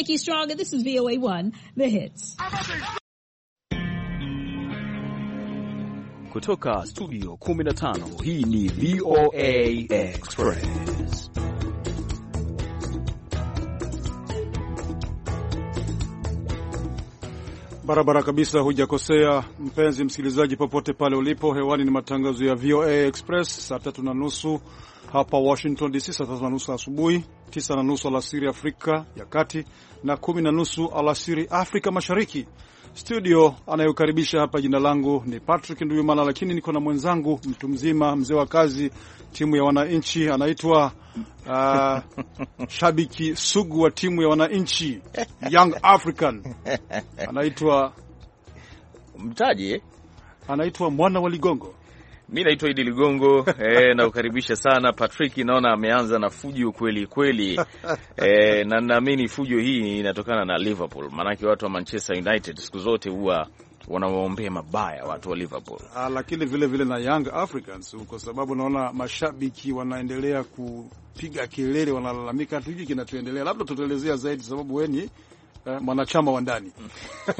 Nikki Stronger. This is VOA One, the hits. Kutoka studio 15, hii ni VOA Express. Barabara kabisa, hujakosea mpenzi msikilizaji, popote pale ulipo hewani. Ni matangazo ya VOA Express saa tatu na nusu hapa Washington DC saa tatu na nusu asubuhi, tisa na nusu alasiri Afrika ya Kati na kumi na nusu alasiri Afrika Mashariki. Studio anayokaribisha hapa, jina langu ni Patrick Nduyumana, lakini niko na mwenzangu mtu mzima, mzee wa kazi, timu ya wananchi, anaitwa uh, shabiki sugu wa timu ya wananchi Young African, anaitwa mtaji, eh? anaitwa mwana wa Ligongo. Mi naitwa Idi Ligongo e, eh, naukaribisha sana Patrick. Naona ameanza na fujo kweli kweli e, na naamini fujo hii inatokana na Liverpool, maanake watu wa Manchester United siku zote huwa wanawaombea mabaya watu wa Liverpool, ah, lakini vile vile na Young Africans, kwa sababu naona mashabiki wanaendelea kupiga kelele, wanalalamika, hatujui kinachoendelea. Labda tutaelezea zaidi, sababu weni Eh, mwanachama wa ndani mm.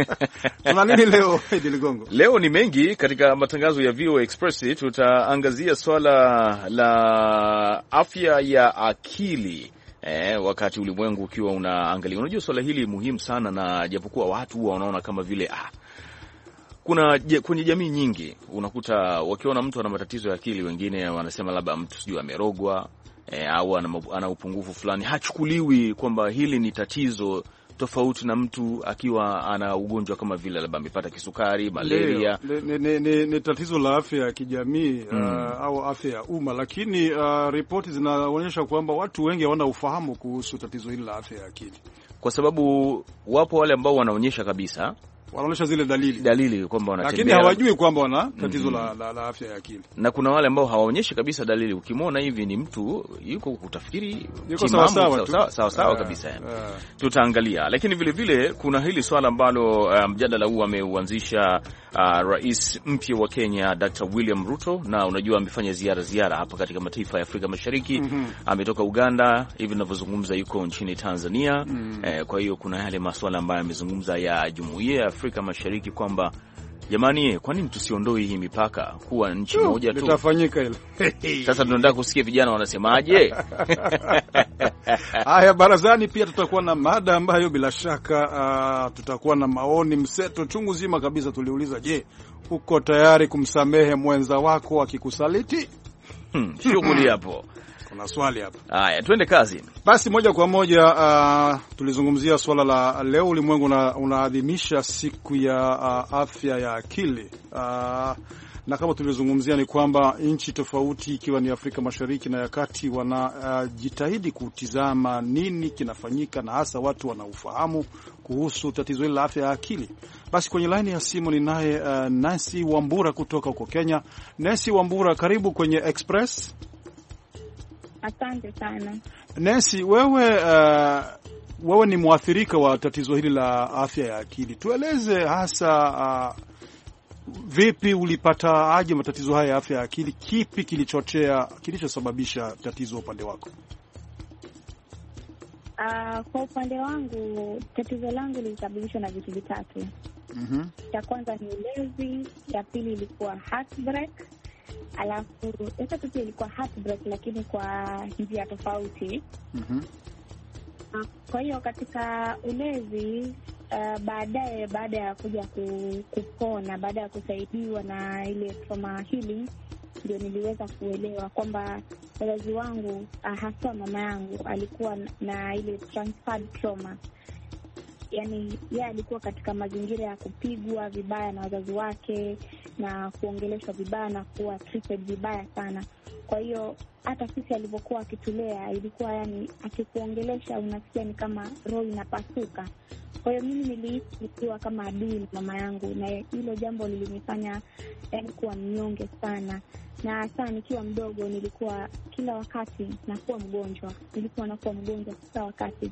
tuna nini leo, Idi Ligongo? Leo ni mengi katika matangazo ya VOA Express. Tutaangazia swala la afya ya akili eh, wakati ulimwengu ukiwa unaangalia, unajua swala hili muhimu sana, na japokuwa watu huwa wanaona kama vile ah, kuna kwenye jamii nyingi unakuta wakiona mtu ana matatizo ya akili, wengine wanasema labda mtu sijui amerogwa, eh, au ana upungufu fulani, hachukuliwi kwamba hili ni tatizo tofauti na mtu akiwa ana ugonjwa kama vile labda amepata kisukari, malaria. Ni tatizo la afya ya kijamii mm. uh, hmm. au afya ya umma, lakini uh, ripoti zinaonyesha kwamba watu wengi hawana ufahamu kuhusu tatizo hili la afya ya akili, kwa sababu wapo wale ambao wanaonyesha kabisa wanaonyesha zile dalili dalili kwamba wanatembea, lakini hawajui kwamba wana mm-hmm. tatizo mm -hmm. la, la, la afya ya akili, na kuna wale ambao hawaonyeshi kabisa dalili. Ukimwona hivi ni mtu yuko kutafikiri yuko sawa sawa sawa, sawa, sawa eh, kabisa yeah, yeah. Tutaangalia, lakini vile vile kuna hili swala ambalo eh, mjadala um, huu ameuanzisha uh, rais mpya wa Kenya Dr. William Ruto, na unajua amefanya ziara ziara hapa katika mataifa ya Afrika Mashariki mm -hmm. ametoka Uganda hivi ninavyozungumza, yuko nchini Tanzania mm -hmm. eh, kwa hiyo kuna yale masuala ambayo amezungumza ya jumuiya Afrika Mashariki kwamba jamani, kwa nini tusiondoe hii mipaka kuwa nchi moja tu? Litafanyika hilo. Sasa tunataka kusikia vijana wanasemaje. Haya, barazani pia tutakuwa na mada ambayo bila shaka uh, tutakuwa na maoni mseto chungu zima kabisa. Tuliuliza, je, uko tayari kumsamehe mwenza wako akikusaliti? Hmm, shughuli hapo kuna swali hapa. Haya, twende kazi basi moja kwa moja. Uh, tulizungumzia swala la leo ulimwengu unaadhimisha siku ya uh, afya ya akili uh, na kama tulivyozungumzia ni kwamba nchi tofauti ikiwa ni Afrika Mashariki na ya Kati wanajitahidi uh, kutizama nini kinafanyika na hasa watu wanaofahamu kuhusu tatizo hili la afya ya akili. Basi kwenye laini ya simu ninaye uh, Nancy Wambura kutoka huko Kenya. Nancy Wambura, karibu kwenye Express. Asante sana Nancy. Wewe uh, wewe ni mwathirika wa tatizo hili la afya ya akili, tueleze hasa uh, vipi ulipata aje matatizo haya ya afya ya akili? Kipi kilichochea kilichosababisha tatizo upande wako? Uh, kwa upande wangu tatizo langu lilisababishwa na vitu vitatu. mm -hmm. Cha kwanza ni ulezi, ya pili ilikuwa heartbreak alafu sasa tu ilikuwa heartbreak, lakini kwa njia tofauti. mm -hmm. Kwa hiyo katika ulezi uh, baadaye baada ya kuja kupona, baada ya kusaidiwa na ile trauma healing, ndio niliweza kuelewa kwamba wazazi wangu uh, haswa mama yangu alikuwa na ile transferred trauma yani yeye alikuwa katika mazingira ya kupigwa vibaya na wazazi wake na kuongeleshwa vibaya na kuwa treated vibaya sana. Kwa hiyo hata sisi alivyokuwa akitulea ilikuwa yani, akikuongelesha unasikia ni kama roho inapasuka. Kwa hiyo mimi nilihisi nikiwa kama adui na mama yangu, na hilo jambo lilinifanya yani kuwa mnyonge sana. Na saa nikiwa mdogo, nilikuwa kila wakati nakuwa mgonjwa, nilikuwa nakuwa mgonjwa kila wakati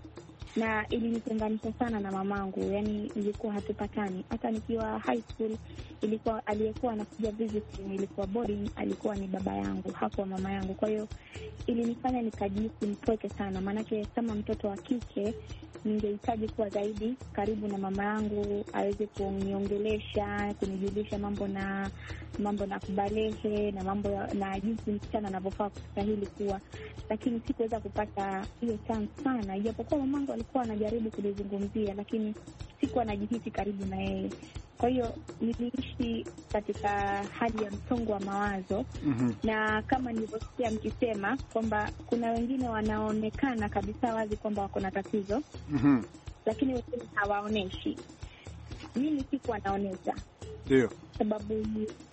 na ilinitenganisha sana na mamangu, yani ilikuwa hatupatani. Hata nikiwa high school, ilikuwa aliyekuwa anakuja visit ilikuwa boarding, alikuwa ni baba yangu, hakuwa mama yangu. Kwa hiyo ilinifanya nikajihisi mpweke sana, maanake kama mtoto wa kike ningehitaji kuwa zaidi karibu na mama yangu, aweze kuniongelesha, kunijulisha mambo na mambo na kubalehe na mambo na jinsi msichana anavyofaa kustahili kuwa, lakini sikuweza kupata hiyo chance sana, ijapokuwa mamangu alikuwa anajaribu kulizungumzia, lakini sikuwa najihisi karibu na yeye. Kwa hiyo niliishi katika hali ya msongo wa mawazo mm -hmm. Na kama nilivyosikia mkisema kwamba kuna wengine wanaonekana kabisa wazi kwamba wako na tatizo mm -hmm. Lakini wengine hawaoneshi. Mimi sikuwa naonyesha, ndio sababu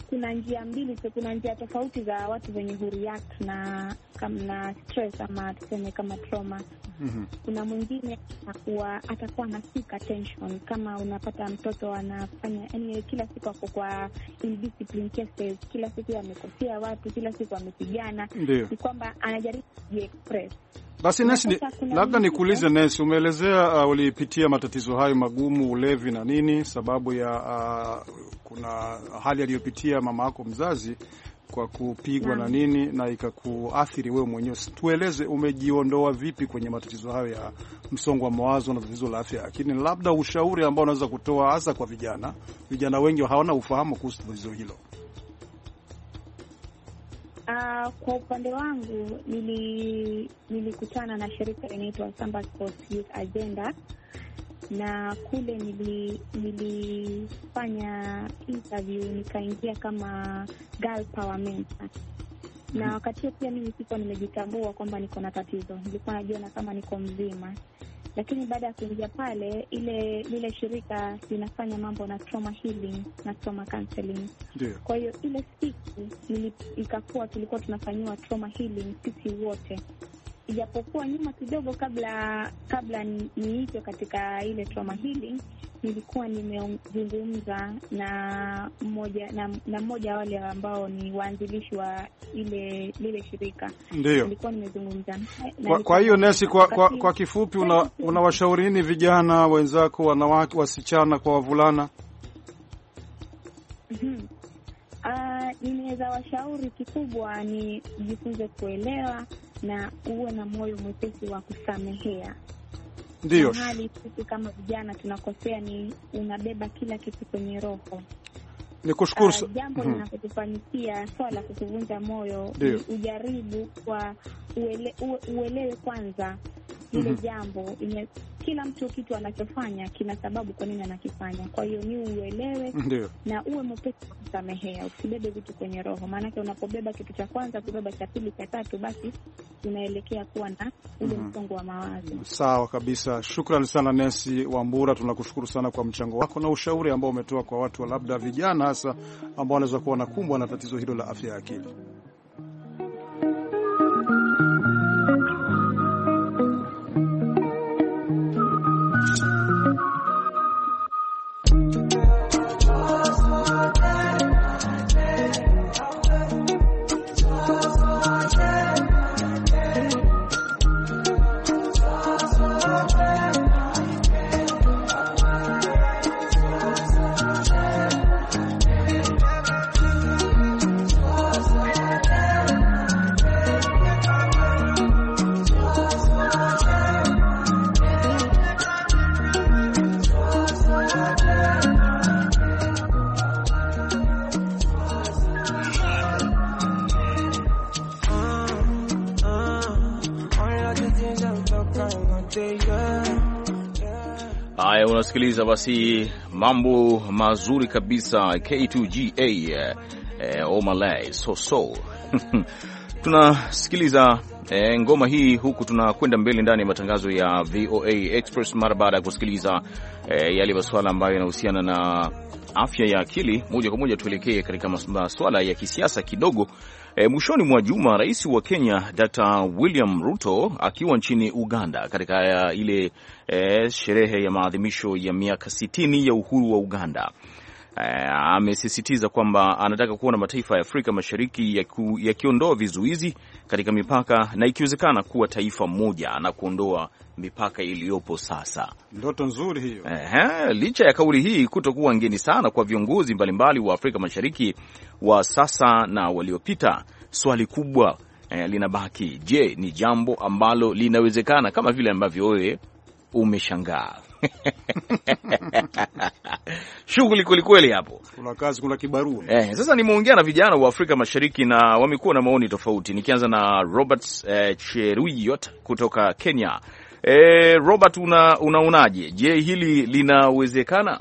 kuna njia mbili, so kuna njia tofauti za watu wenye hureact na kama stress ama tuseme kama trauma. mm -hmm. Kuna mwingine atakuwa atakuwa na seek attention, kama unapata mtoto anafanya yani kila siku ako kwa indiscipline cases, kila siku amekosea watu, kila siku amepigana, ni kwamba anajaribu kujiexpress basi Nesi, labda nikuulize Nesi, umeelezea uh, ulipitia matatizo hayo magumu, ulevi na nini, sababu ya uh, kuna hali aliyopitia mama yako mzazi kwa kupigwa na nini na ikakuathiri wewe mwenyewe. Tueleze umejiondoa vipi kwenye matatizo hayo ya msongo wa mawazo na tatizo la afya, lakini labda ushauri ambao unaweza kutoa hasa kwa vijana, vijana wengi hawana ufahamu kuhusu tatizo hilo. Uh, kwa upande wangu nili nilikutana na shirika linaitwa Samba Sports Youth Agenda na kule nili nilifanya interview nikaingia kama girl power mentor na wakati huo pia mimi sikuwa nimejitambua kwamba niko na tatizo, nilikuwa najiona kama niko mzima. Lakini baada ya kuingia pale, ile lile shirika linafanya mambo na trauma healing na trauma counseling. Kwa hiyo ile siku ikakuwa tulikuwa tunafanyiwa trauma healing sisi wote ijapokuwa nyuma kidogo, kabla kabla niitwe katika ile trauma healing, nilikuwa nimezungumza na mmoja na, na mmoja wa wale ambao ni waanzilishi wa ile lile shirika, ndio nilikuwa nimezungumza kwa, kwa hiyo nesi kwa, kwa, kwa kifupi, unawashauri una nini vijana wenzako, wanawake, wasichana kwa wavulana? Uh, nimeweza washauri, kikubwa ni jifunze kuelewa na uwe na moyo mwepesi wa kusamehea. Ndio hali sisi kama vijana tunakosea, ni unabeba kila kitu kwenye roho. Ni kushukuru uh, jambo hmm, linapotufanikia swala la kukuvunja moyo, ujaribu kwa uele, uelewe kwanza mhm. ile mm -hmm. jambo kila mtu kitu anachofanya kina sababu kwa nini anakifanya. Kwa hiyo ni uelewe Ndiyo. na uwe mwepesi kusamehea, usibebe vitu kwenye roho, maanake unapobeba kitu cha kwanza, kubeba cha pili, cha tatu, basi unaelekea kuwa na ule mm. msongo wa mawazo. Sawa kabisa, shukran sana Nesi Wambura, tunakushukuru sana kwa mchango wako na ushauri ambao umetoa kwa watu wa labda vijana hasa ambao wanaweza kuwa wanakumbwa na tatizo hilo la afya ya akili. kusikiliza basi mambo mazuri kabisa K2GA eh, Omalai soso tunasikiliza eh, ngoma hii huku tunakwenda mbele ndani ya matangazo ya VOA Express mara baada ya kusikiliza eh, yale masuala ambayo yanahusiana na afya ya akili, moja kwa moja tuelekee katika masuala ya kisiasa kidogo. E, mwishoni mwa juma rais wa Kenya Dr. William Ruto akiwa nchini Uganda katika ile e, sherehe ya maadhimisho ya miaka 60 ya uhuru wa Uganda e, amesisitiza kwamba anataka kuona mataifa ya Afrika Mashariki yakiondoa ya vizuizi katika mipaka na ikiwezekana kuwa taifa moja na kuondoa mipaka iliyopo sasa. Ndoto nzuri hiyo. Ehe, licha ya kauli hii kutokuwa ngeni sana kwa viongozi mbalimbali wa Afrika Mashariki wa sasa na waliopita, swali kubwa eh, linabaki. Je, ni jambo ambalo linawezekana kama vile ambavyo wewe umeshangaa? shughuli kwelikweli hapo, kuna kazi, kuna kibarua eh. Sasa nimeongea na vijana wa Afrika Mashariki na wamekuwa na maoni tofauti, nikianza na Robert eh, Cheruiyot kutoka Kenya. Eh, Robert, unaonaje? je, hili linawezekana?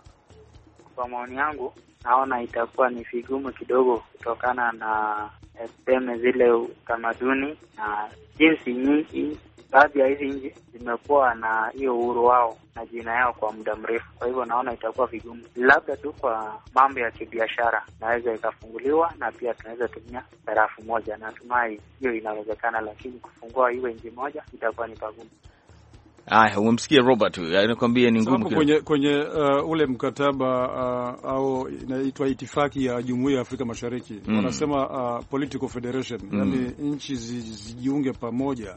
Kwa maoni yangu naona itakuwa ni vigumu kidogo kutokana na eh, tuseme zile utamaduni na jinsi nyingi baadhi ya hizi nchi zimekuwa na hiyo uhuru wao na jina yao kwa muda mrefu. Kwa hivyo naona itakuwa vigumu, labda tu kwa mambo ya kibiashara naweza ikafunguliwa, na pia tunaweza tumia sarafu moja. Natumai hiyo inawezekana, lakini kufungua iwe nchi moja itakuwa ni pagumu. Aya, umemsikia Robert, anakuambia ni ngumu kwenye, kwenye uh, ule mkataba uh, au inaitwa itifaki ya Jumuiya ya Afrika Mashariki mm. wanasema uh, political federation mm. yani nchi zijiunge pamoja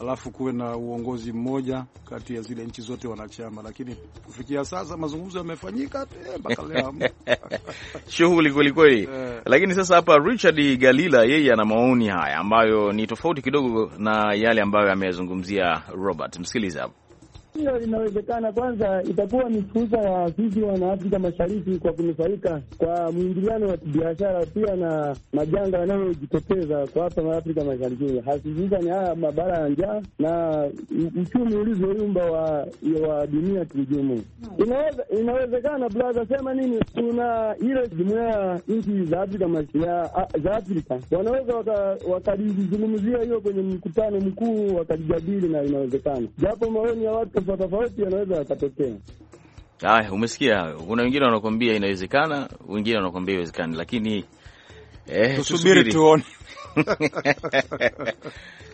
alafu kuwe na uongozi mmoja kati ya zile nchi zote wanachama, lakini kufikia sasa mazungumzo yamefanyika eh, mpaka leo shughuli kwelikweli. Eh. Lakini sasa hapa Richard Galila yeye ana maoni haya ambayo ni tofauti kidogo na yale ambayo ameyazungumzia Robert. Msikilize hapo. Hiyo inawezekana. Kwanza itakuwa ni fursa ya sisi afrika Mashariki kwa kunufaika kwa mwingiliano wa kibiashara, pia na majanga yanayojitokeza kwa hapa Afrika Mashariki, ni haya mabara ya njaa na uchumi ulivyoyumba wa, wa dunia kiujumu. Inaweza, inawezekana blaza, sema nini, kuna ile jumuia ya nchi za Afrika za Afrika wanaweza wakalizungumzia waka hiyo kwenye mkutano mkuu wakajijadili, na inawezekana japo maoni ya watu tofauti tofauti yanaweza yakatokea. Haya, umesikia hayo. Kuna wengine wanakuambia inawezekana, wengine wanakuambia iwezekani lakini eh, tusubiri tuone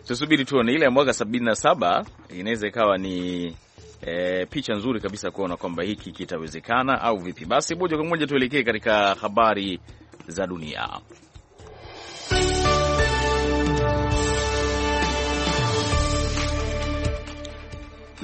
tusubiri tuone. Ile ya mwaka sabini na saba inaweza ikawa ni E, picha nzuri kabisa kuona kwamba hiki kitawezekana au vipi? Basi moja kwa moja tuelekee katika habari za dunia.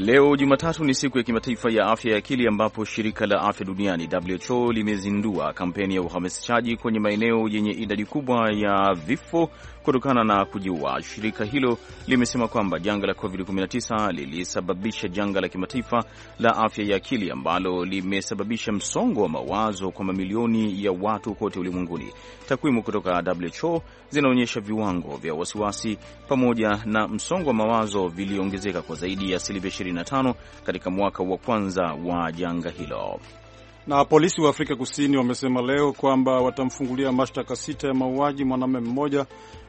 Leo Jumatatu ni siku ya kimataifa ya afya ya akili ambapo shirika la afya duniani WHO limezindua kampeni ya uhamasishaji kwenye maeneo yenye idadi kubwa ya vifo kutokana na kujiua. Shirika hilo limesema kwamba janga la COVID-19 lilisababisha janga la kimataifa la afya ya akili ambalo limesababisha msongo wa mawazo kwa mamilioni ya watu kote ulimwenguni. Takwimu kutoka WHO zinaonyesha viwango vya wasiwasi pamoja na msongo wa mawazo viliongezeka kwa zaidi ya asilimia 25 katika mwaka wa kwanza wa janga hilo. Na polisi wa Afrika Kusini wamesema leo kwamba watamfungulia mashtaka sita ya mauaji mwanamume mmoja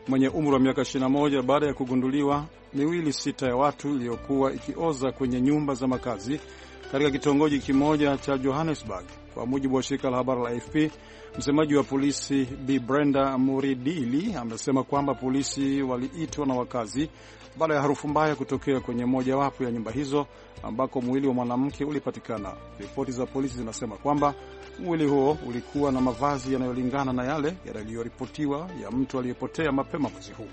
mwenye umri wa miaka 21 baada ya kugunduliwa miili sita ya watu iliyokuwa ikioza kwenye nyumba za makazi katika kitongoji kimoja cha Johannesburg. Kwa mujibu wa shirika la habari la AFP, msemaji wa polisi Bi Brenda Muridili amesema kwamba polisi waliitwa na wakazi baada ya harufu mbaya kutokea kwenye mojawapo ya nyumba hizo ambako mwili wa mwanamke ulipatikana. Ripoti za polisi zinasema kwamba mwili huo ulikuwa na mavazi yanayolingana na yale yaliyoripotiwa ya mtu aliyepotea mapema mwezi huu.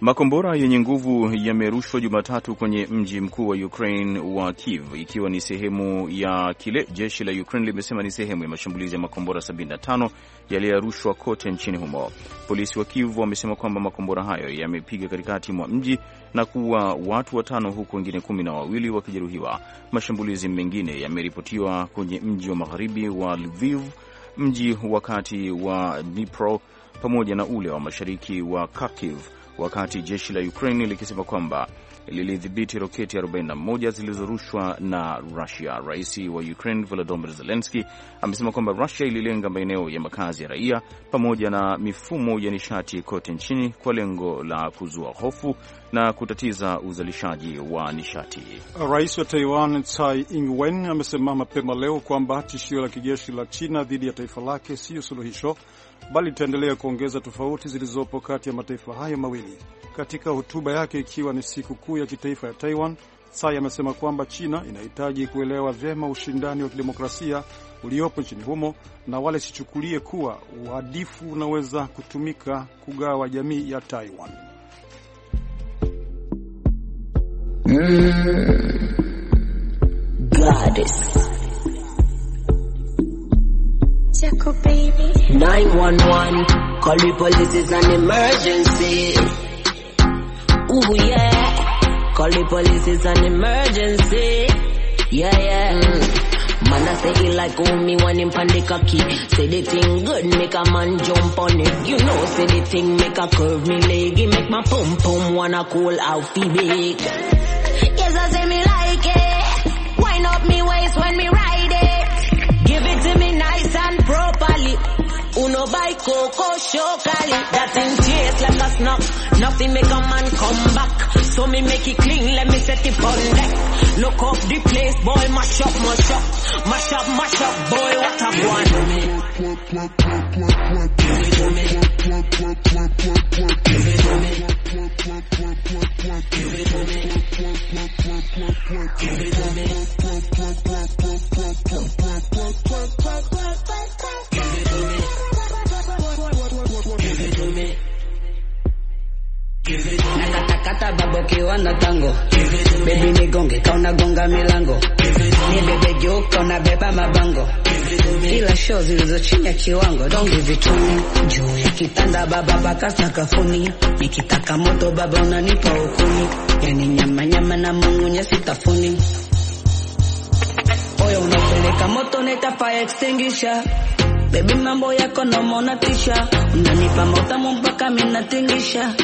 Makombora yenye nguvu yamerushwa Jumatatu kwenye mji mkuu wa Ukraine wa Kiev, ikiwa ni sehemu ya kile jeshi la Ukraine limesema ni sehemu ya mashambulizi ya makombora 75 yaliyorushwa kote nchini humo. Polisi wa Kiev wamesema kwamba makombora hayo yamepiga katikati mwa mji na kuua watu watano, huku wengine kumi na wawili wakijeruhiwa. Mashambulizi mengine yameripotiwa kwenye mji wa magharibi wa Lviv, mji wa kati wa Dnipro pamoja na ule wa mashariki wa Kharkiv wakati jeshi la Ukraine likisema kwamba lilidhibiti roketi 41 zilizorushwa na Rusia. Rais wa Ukraine Volodymyr Zelenski amesema kwamba Rusia ililenga maeneo ya makazi ya raia pamoja na mifumo ya nishati kote nchini kwa lengo la kuzua hofu na kutatiza uzalishaji wa nishati. Rais wa Taiwan Tsai Ing-wen amesema mapema leo kwamba tishio la kijeshi la China dhidi ya taifa lake siyo suluhisho bali itaendelea kuongeza tofauti zilizopo kati ya mataifa hayo mawili. Katika hotuba yake ikiwa ni siku kuu ya kitaifa ya Taiwan, Tsai amesema kwamba China inahitaji kuelewa vyema ushindani wa kidemokrasia uliopo nchini humo na wala sichukulie kuwa uhadifu unaweza kutumika kugawa jamii ya Taiwan. Mm. Goddess. Jaco, baby. 911, call the police, it's an emergency. Ooh, yeah. Call the police, it's an emergency. Yeah, yeah. Mm. Man, I say he like oh me when him pan the cocky. Say the thing good, make a man jump on it. You know, say the thing make a curve me leg. He make my pum pum wanna call out the big. Yes, I say me like it. Wind up me waist when me buy Coco chocolate, That thing taste like a snack. Nothing make a man come back. So me make it clean, let me set it on deck. Look up the place, boy, mash up, mash up. Mash up, mash up, boy, what a one. Give it to me. Give it to me. Give it to me. Give it to me. Give it to me. Kata babo kiwa na tango Baby nigonge kauna gonga milango Ni bebe juu kauna beba mabango Kila show zilizo chini ya kiwango Dongi vituni Juu ya kitanda baba baka sakafuni Nikitaka moto baba unanipa ukuni Yani nyama nyama na mungu nyasi tafuni Oyo unapeleka moto neta fire extinguisher Baby mambo yako nomona tisha Unanipa motamu mpaka minatingisha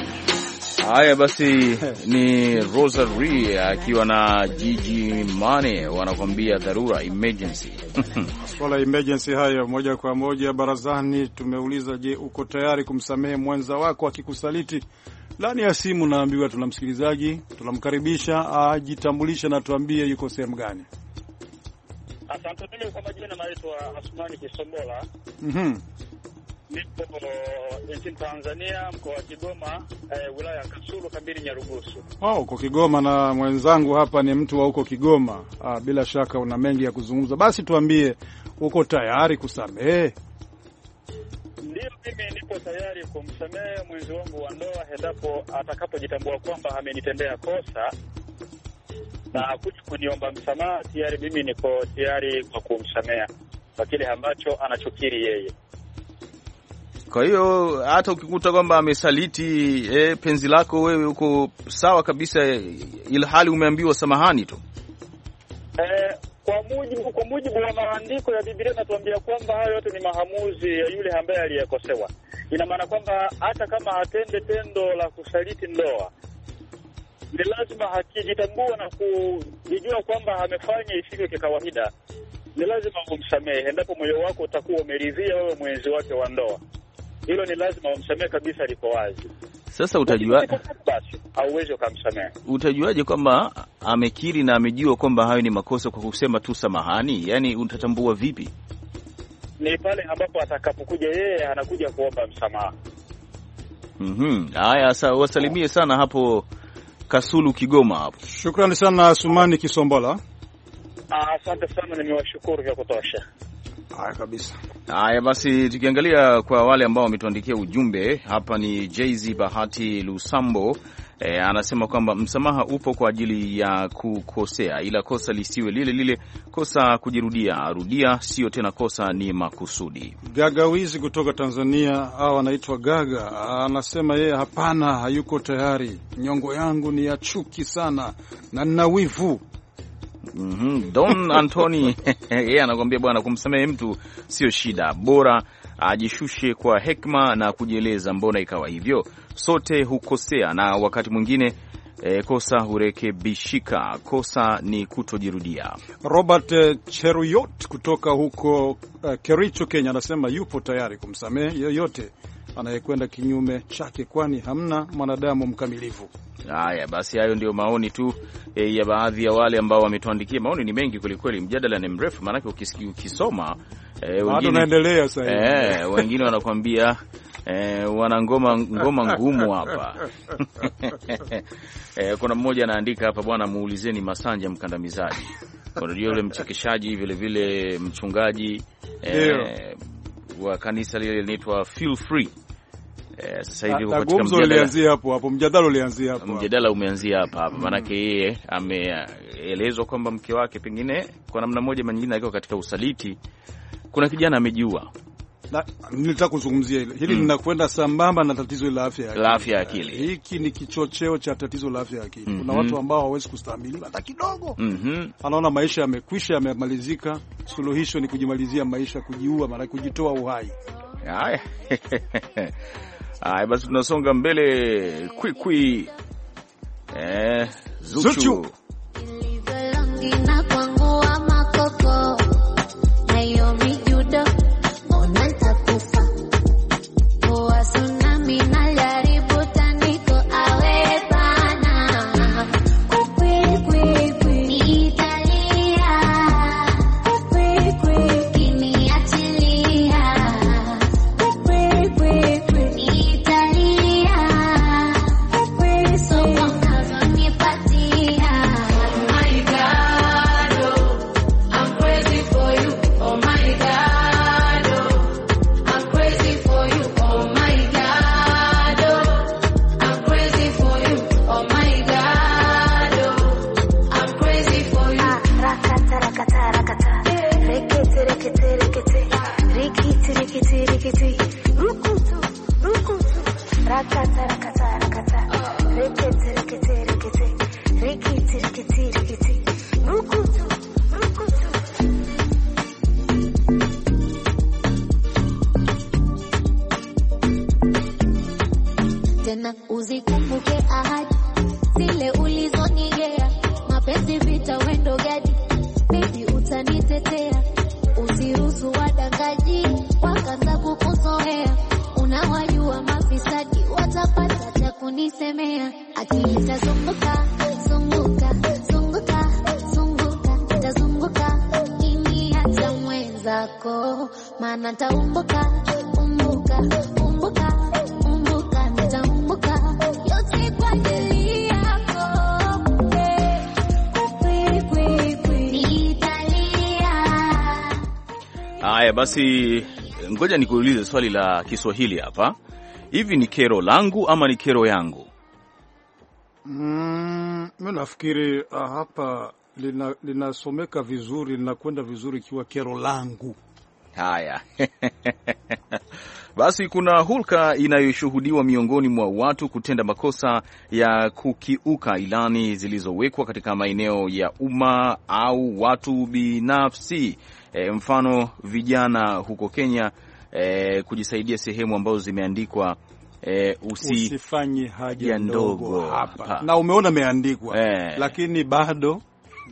Haya basi, ni Rosary akiwa na Gigi Mane wanakuambia dharura emergency. Masuala ya emergency hayo moja kwa moja barazani. Tumeuliza, je, uko tayari kumsamehe mwenza wako akikusaliti? Ndani ya simu naambiwa tuna msikilizaji, tunamkaribisha ajitambulishe na tuambie yuko sehemu gani. Asante. Mimi kwa majina naitwa Asmani Kisobola. Mhm nipo eh, nchini Tanzania, mkoa wa Kigoma, eh, wilaya ya Kasulu, Kambili Nyarugusu. Oh, uko Kigoma na mwenzangu hapa ni mtu wa huko Kigoma. Ah, bila shaka una mengi ya kuzungumza, basi tuambie, uko tayari kusamehe? ndio mimi nipo tayari kumsamehe mwenzi wangu wa ndoa endapo atakapojitambua kwamba amenitendea kosa na kuja kuniomba msamaha. Tayari mimi niko tayari kwa kumsamea kwa kile ambacho anachokiri yeye. Kwa hiyo hata ukikuta kwamba amesaliti e, penzi lako wewe, uko sawa kabisa, ilhali umeambiwa samahani tu e, Kwa mujibu kwa mujibu wa maandiko ya Biblia inatuambia kwamba hayo yote ni maamuzi ya yule ambaye aliyekosewa. Ina maana kwamba hata kama atende tendo la kusaliti ndoa, ni lazima akijitambua na kujijua kwamba amefanya isivyo kikawaida, ni lazima umsamehe, endapo moyo wako utakuwa umeridhia wewe mwenzi wake wa ndoa hilo ni lazima wamsamehe kabisa, liko wazi. Sasa utajua basi, hauwezi ukamsamehe. Utajuaje kwamba amekiri na amejua kwamba hayo ni makosa kwa kusema tu samahani? Yaani utatambua vipi? Ni pale ambapo atakapokuja yeye anakuja kuomba msamaha. Mm-hmm. wasalimie sana hapo Kasulu Kigoma hapo. Shukrani sana Sumani Kisombola. Ah, asante sana, nimewashukuru vya kutosha. Haya kabisa. Haya basi, tukiangalia kwa wale ambao wametuandikia ujumbe hapa, ni JZ Bahati Lusambo. E, anasema kwamba msamaha upo kwa ajili ya kukosea, ila kosa lisiwe lile lile, kosa kujirudia rudia, sio tena kosa, ni makusudi. gaga wizi kutoka Tanzania au anaitwa Gaga anasema yeye hapana, hayuko tayari. Nyongo yangu ni ya chuki sana na nina wivu mm -hmm. Don Anthony yeye anakuambia bwana, kumsamehe mtu sio shida, bora ajishushe kwa hekima na kujieleza, mbona ikawa hivyo? Sote hukosea na wakati mwingine E, kosa hurekebishika. Kosa ni kutojirudia. Robert eh, Cheruyot kutoka huko uh, Kericho, Kenya anasema yupo tayari kumsamehe yoyote anayekwenda kinyume chake, kwani hamna mwanadamu mkamilifu. Haya basi, hayo ndio maoni tu e, ya baadhi ya wale ambao wametuandikia. Maoni ni mengi kwelikweli, mjadala ni mrefu, maanake ukisoma e, wengine, e, wengine wanakuambia e, wana ngoma ngoma ngumu hapa e, kuna mmoja anaandika hapa, bwana muulizeni Masanja mkandamizaji, unajua yule mchekeshaji vilevile mchungaji e, wa kanisa lile linaitwa Feel Free eh, sasa hivi katika gumzo ulianzia hapo hapo, mjadala ulianzia hapo, mjadala umeanzia hapa hapa, maanake mm. yeye ameelezwa kwamba mke wake pengine kwa namna moja ama nyingine akiwa katika usaliti. Kuna kijana amejua na nilitaka kuzungumzia hili hili mm. sambamba na tatizo la afya la afya ya akili. hiki ni kichocheo cha tatizo la afya ya akili mm -hmm. Kuna mm-hmm. watu ambao hawawezi kustahimili hata kidogo mm -hmm. Anaona maisha yamekwisha, yamemalizika, suluhisho ni kujimalizia maisha, kujiua, mara kujitoa uhai haya. Haya basi, tunasonga mbele kwikwi. Eh, Zuchu, Zuchu. kusemea, akili zunguka zunguka zunguka, ini hata mwenzako, maana taumbuka umbuka umbuka umbuka, nitaumbuka yote kwa ajili yako. Haya basi, ngoja nikuulize swali la Kiswahili hapa. Hivi ni kero langu ama ni kero yangu? Mm, mi nafikiri uh, hapa linasomeka lina vizuri linakwenda vizuri ikiwa kero langu haya. Basi kuna hulka inayoshuhudiwa miongoni mwa watu kutenda makosa ya kukiuka ilani zilizowekwa katika maeneo ya umma au watu binafsi. E, mfano vijana huko Kenya e, kujisaidia sehemu ambazo zimeandikwa E, usi, usifanye haja ndogo hapa, na umeona imeandikwa e, lakini bado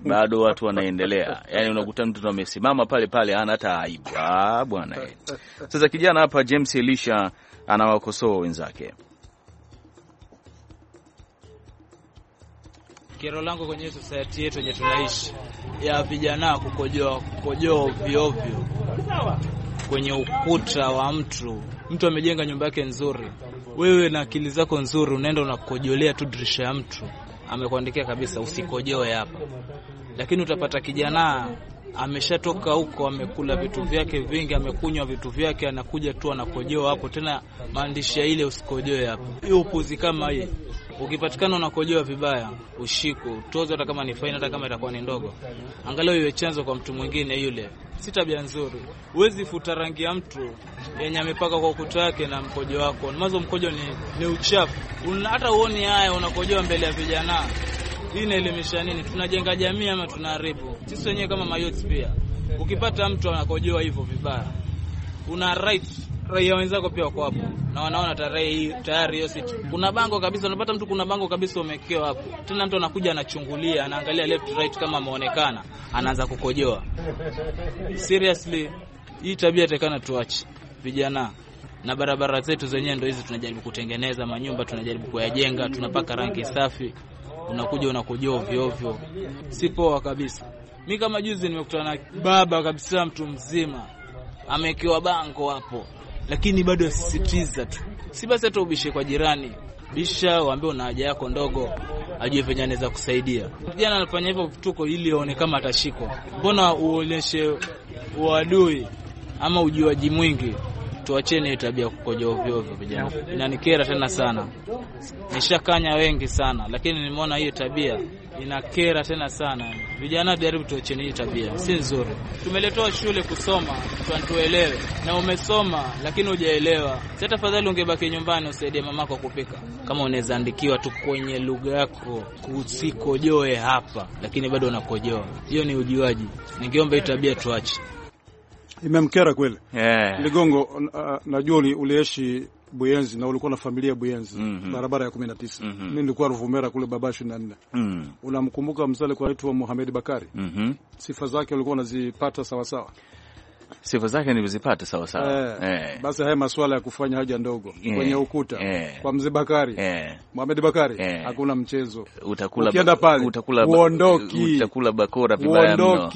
bado watu wanaendelea, yani unakuta mtu amesimama pale pale, ana hata aibu ah, bwana. Eh. Sasa kijana hapa James Elisha anawakosoa wenzake. Kero langu kwenye society yetu yenye tunaishi ya vijana kukojoa kukojoa ovyo ovyo kwenye ukuta wa mtu. Mtu amejenga nyumba yake nzuri, wewe na akili zako nzuri unaenda unakojolea tu dirisha ya mtu, amekuandikia kabisa usikojoe hapa, lakini utapata kijana ameshatoka huko, amekula vitu vyake vingi, amekunywa vitu vyake, anakuja tu anakojoa hapo tena, maandishi ya ile usikojoe hapo. Hiyo upuzi kama hii Ukipatikana unakojoa vibaya, ushiku tozo hata kama ni faini, hata kama itakuwa ni ndogo, angalau iwe chanzo kwa mtu mwingine yule. Si tabia nzuri. Huwezi futa rangi ya mtu yenye amepaka kwa ukuta wake na mkojo wako. Mazo mkojo ni, ni uchafu. Hata uone haya unakojoa mbele ya vijana. Hii inaelimisha nini? Tunajenga jamii ama tunaharibu sisi wenyewe kama mayots Pia ukipata mtu anakojoa hivyo vibaya, una right raia wenzako pia wako hapo na wanaona tarehe tayari hiyo city. Kuna bango kabisa, unapata mtu, kuna bango kabisa umekewa hapo. Tena mtu anakuja anachungulia, anaangalia left right, kama ameonekana anaanza kukojoa. Seriously, hii tabia tekana tuache vijana na barabara zetu zenyewe ndo hizi tunajaribu kutengeneza, manyumba tunajaribu kuyajenga, tunapaka rangi safi, unakuja unakojoa ovyo ovyo, si poa kabisa. Mi kama juzi nimekutana na baba kabisa, mtu mzima amekiwa bango hapo lakini bado asisitiza tu, si basi hata ubishe kwa jirani, bisha waambie una haja yako ndogo, ajue venye anaweza kusaidia. Vijana anafanya hivyo vituko ili aone kama atashikwa. Mbona uonyeshe uadui ama ujuaji mwingi? Tuacheni hiyo tabia kukoja ovyo ovyo, vijana, inanikera tena sana. Nishakanya wengi sana, lakini nimeona hiyo tabia inakera tena sana. Vijana jaribu tuacheni hii tabia, si nzuri. Tumeletewa shule kusoma tuelewe, na umesoma lakini hujaelewa. Sasa tafadhali, ungebaki nyumbani usaidie mamako kupika, kama unaweza andikiwa tu kwenye lugha yako usikojoe hapa, lakini bado unakojoa. Hiyo ni ujuaji. Ningeomba hii tabia tuache, imemkera kweli. Yeah. Ligongo, najua uliishi Buyenzi na ulikuwa na familia Buyenzi mm -hmm. barabara ya 19 mm -hmm. mimi nilikuwa Ruvumera kule baba 24 mm -hmm. unamkumbuka mzale kwa aitwa Muhammad Bakari mm -hmm. sifa zake ulikuwa unazipata sawa sawa sifa zake nilizipata sawa sawa. E, e. Basi haya masuala ya kufanya haja ndogo e, kwenye ukuta e, kwa mzee Bakari e, Mohamed Bakari e, hakuna mchezo, utakula ukienda pale utakula uondoki, utakula bakora vibaya mno,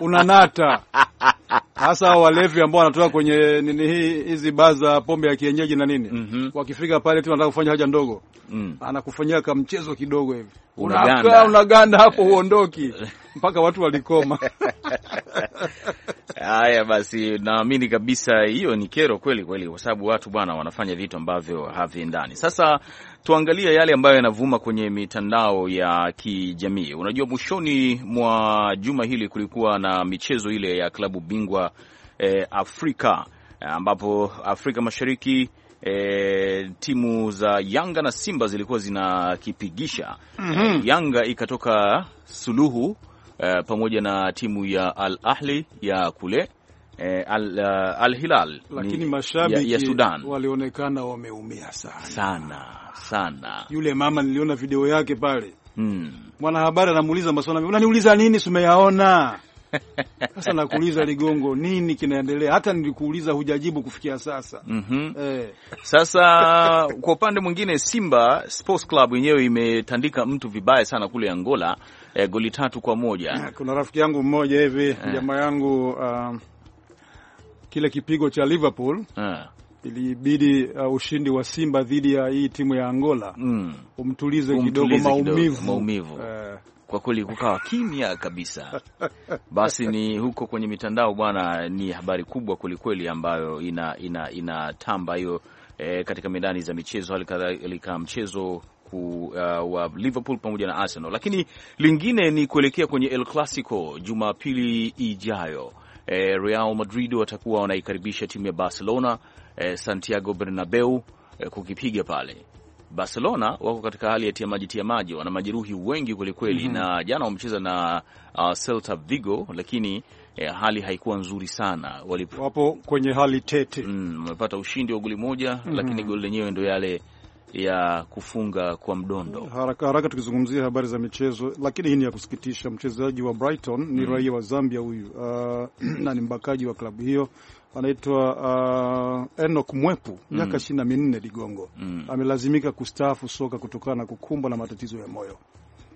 unanata hasa walevi ambao wanatoka kwenye nini hii hizi baa za pombe ya kienyeji na nini mm -hmm. Wakifika pale tu wanataka kufanya haja ndogo mm. Anakufanyia kama mchezo kidogo hivi, unakaa unaganda hapo, huondoki mpaka watu walikoma Haya basi, naamini kabisa hiyo ni kero kweli kweli, kwa sababu watu bwana wanafanya vitu ambavyo haviendani. Sasa tuangalie yale ambayo yanavuma kwenye mitandao ya kijamii. Unajua, mwishoni mwa juma hili kulikuwa na michezo ile ya klabu bingwa eh, Afrika ambapo Afrika Mashariki E, timu za Yanga na Simba zilikuwa zinakipigisha. mm -hmm. Yanga ikatoka suluhu uh, pamoja na timu ya Al Ahli ya kule eh, Al, uh, Al Hilal lakini mashabiki ya, ya Sudan walionekana wameumia sana sana sana. Yule mama niliona video yake pale hmm. Mwanahabari anamuuliza maswali, unaniuliza nini? Sumeyaona sasa nakuuliza Ligongo, nini kinaendelea? Hata nilikuuliza hujajibu kufikia sasa. mm -hmm. Eh. Sasa kwa upande mwingine Simba Sports Club yenyewe imetandika mtu vibaya sana kule Angola e, goli tatu kwa moja. Eh, kuna rafiki yangu mmoja hivi eh. jamaa eh, yangu uh, kile kipigo cha Liverpool eh, ilibidi uh, ushindi wa Simba dhidi ya hii timu ya Angola mm, umtulize, umtulize kidogo maumivu, maumivu. Eh, kwa kweli kukawa kimya kabisa. Basi ni huko kwenye mitandao bwana, ni habari kubwa kwelikweli ambayo inatamba ina, ina hiyo e, katika midani za michezo hali kadhalika mchezo ku, uh, wa Liverpool pamoja na Arsenal, lakini lingine ni kuelekea kwenye El Clasico Jumapili ijayo. E, Real Madrid watakuwa wanaikaribisha timu ya Barcelona e, Santiago Bernabeu e, kukipiga pale. Barcelona wako katika hali ya tiamaji tiamaji, wana majeruhi wengi kwelikweli. mm -hmm. na jana wamecheza na uh, Celta Vigo lakini eh, hali haikuwa nzuri sana, walipo wapo kwenye hali tete, mm, wamepata mm, ushindi wa goli moja mm -hmm. lakini goli lenyewe ndo yale ya kufunga kwa mdondo. Haraka haraka tukizungumzia habari za michezo, lakini hii ni ya kusikitisha. Mchezaji wa Brighton ni mm, raia wa Zambia huyu uh, na ni mbakaji wa klabu hiyo anaitwa uh, Enoch Mwepu mm. miaka mm, ishirini na minne Ligongo mm, amelazimika kustaafu soka kutokana na kukumbwa na matatizo ya moyo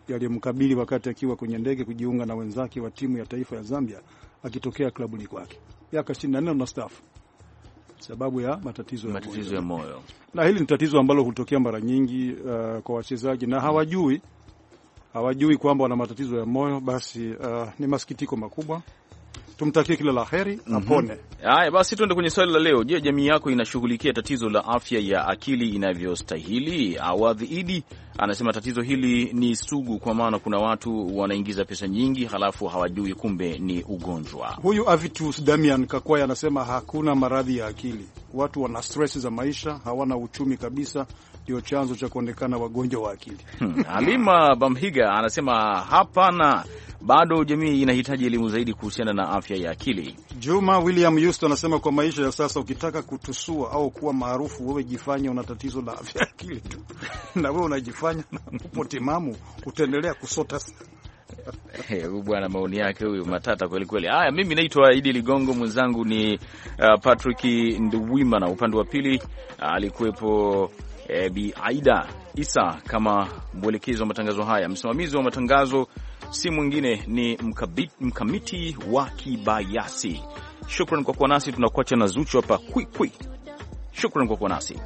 yaliyomkabili wakati akiwa kwenye ndege kujiunga na wenzake wa timu ya taifa ya Zambia akitokea klabuni kwake. Miaka ishirini na nne unastaafu sababu ya matatizo, matatizo ya moyo, na hili ni tatizo ambalo hutokea mara nyingi uh, kwa wachezaji na hawajui hawajui kwamba wana matatizo ya moyo. Basi uh, ni masikitiko makubwa tumtakie kila la heri mm -hmm. Apone. Haya basi, tuende kwenye swali la leo. Je, jamii yako inashughulikia tatizo la afya ya akili inavyostahili? Awadhi Idi anasema tatizo hili ni sugu, kwa maana kuna watu wanaingiza pesa nyingi halafu hawajui kumbe ni ugonjwa. Huyu Avitus Damian kakwai anasema hakuna maradhi ya akili, watu wana stress za maisha, hawana uchumi kabisa ndio chanzo cha kuonekana wagonjwa wa akili. Hmm. Halima Bamhiga anasema hapana, bado jamii inahitaji elimu zaidi kuhusiana na afya ya akili. Juma William Houston anasema kwa maisha ya sasa, ukitaka kutusua au kuwa maarufu, wewe jifanye una tatizo la afya ya akili tu na wewe unajifanya upo timamu, utaendelea kusota Huyu bwana maoni yake huyu matata kweli kweli. Haya, mimi naitwa Idi Ligongo, mwenzangu ni uh, Patrick Nduwimana, upande wa pili alikuwepo uh, e, Bi Aida Isa kama mwelekezi wa matangazo haya. Msimamizi wa matangazo si mwingine ni mkabit, mkamiti wa Kibayasi. Shukran kwa kuwa nasi, tunakuacha na Zuchu hapa kwikwi. Shukran kwa kuwa nasi.